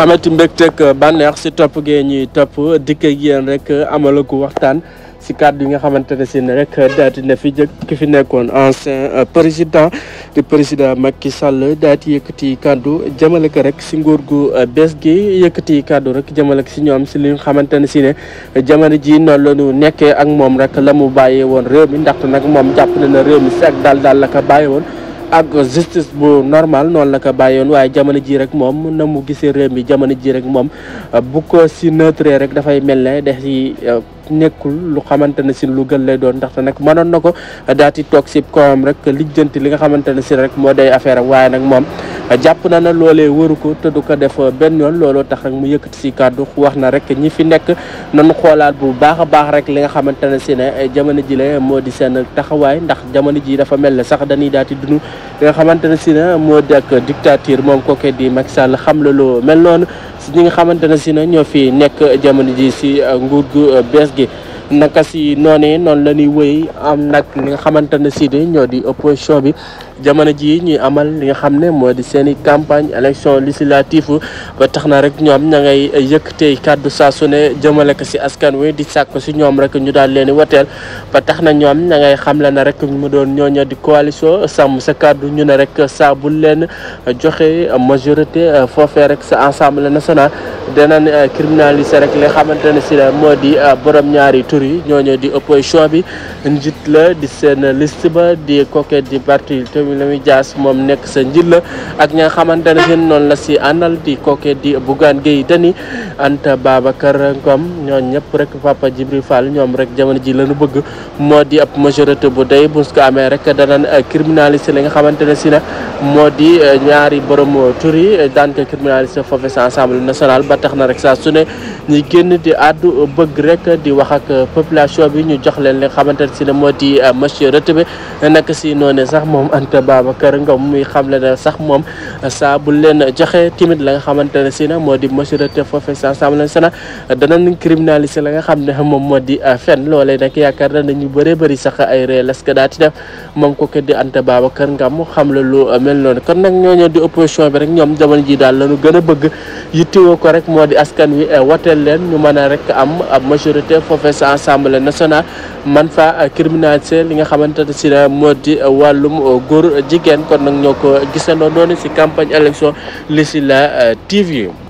amati mbégteeg bànneex si topp gee ñuy topp dikk ak rek amala waxtaan si kaddu yi nga xamante ne si ne rek daati na fi jëkk ki fi nekkoon ancien président di président Macky Sall daati yëkkati kàddu jëmale ko rek si nguur gu bees gi yëkkati kaddu rek jëmale ko si ñoom si li nga xamante ne si ne jamono ji noonu la ñu nekkee ak moom rek la mu bàyyee woon réew mi ndaxte nag moom jàpp na ne réew mi si ak daal daal la ko bàyyee woon ak justice bu normal noonu la ko bàyyoon waaye jamono ji rek moom na mu gisee réew mi jamono ji rek moom bu ko si neutre rek dafay mel ne de si euh, nekkul lu xamante ne si lu gën lay doon ndaxte nag mënoon na ko daal di toog si kawam rek lijjanti li nga xamante ne si rek moo day affaire ak waaye nag moom jàpp na na loole waru ko te du ko def benn yoon looloo tax rek mu yëkkati si kàddu wax na rek ñi fi nekk nañu xoolaat bu baax a baax rek li nga xamante ne si ne jamono ji la moo di seen taxawaay ndax jamono ji dafa mel ne sax dañuy daal di dund li nga xamante ne si ne moo di ak moom kooku di Macky Sall xam la loo mel noonu si ñi nga xamante ne si na ñoo fi nekk jamono ji si nguur gu bees gi naka si noonee noonu la ñuy wëy am nag li nga xamante ne si ne ñoo di opposition bi jamono jii ñuy amal li nga xam ne moo di seen i campagne élection législative ba tax na rek ñoom ña ngay yëkkatee kàddu saa su ne jëmale ko si askan wi di sàkk si ñoom rek ñu daal leen di wateel ba tax na ñoom ña ngay xamle na rek ñu mu doon ñooña di coalition sàmm sa kàddu ñu ne rek saa bu leen joxe majorité foofee rek sa assemblée nationale danañ euh, criminaliser rek li xamante ne si moo di euh, borom ñaari tur yi ñooñu di opposition bi njiit la di seen liste mi la muy jaas moom nekk sa njit la ak ña nga xamante ne seen noonu la si àndal di kooke di Bougane Gueye Dany Anta Babacar Ngom ñoon ñëpp rek Papa Djibril Fall ñoom rek jamono ji lañu bëgg moo di ab majorité bu day bu ko amee rek danañ criminaliser li nga xamante ne si na moo di euh, ñaari borom tur yi daan ko criminaliser foofe sa Assemblée nationale ba tax na rek saa su ne ñi génn di àddu bëgg rek di wax ak population bi ñu jox leen li nga xamante ne si na moo di euh, de Babacar Ngom muy xamle ne sax moom saa bu leen joxe timit la nga xamante ne si na moo di majorité foofe sa Assemblée nationale danañ criminaliser la nga xam ne moom moo a a man fa criminaliser li nga xamante si na moo di wàllum góor jigéen kon nag ñoo ko gisandoo noonu si campagne la législative